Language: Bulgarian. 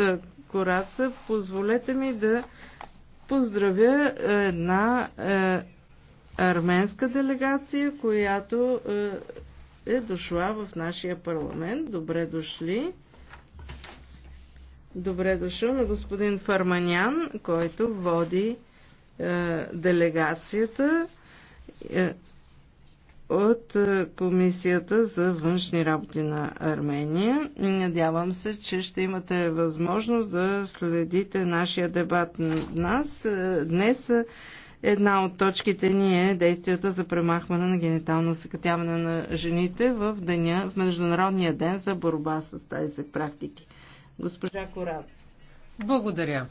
Е, Кораца, позволете ми да поздравя е, една е, арменска делегация, която е, е дошла в нашия парламент. Добре дошли! Добре дошъл на господин Фарманян, който води е, делегацията. Е, от е, Комисията за външни работи на Армения. Надявам се, че ще имате възможност да следите нашия дебат над нас. Е, днес е, една от точките ни е действията за премахване на генитално съкътяване на жените в, деня, в Международния ден за борба с тази практики. Госпожа Корац. Благодаря.